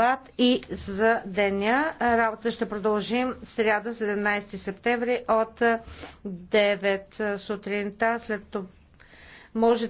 дебат и за деня. Работа ще продължим сряда 17 септември от 9 сутринта. След това можете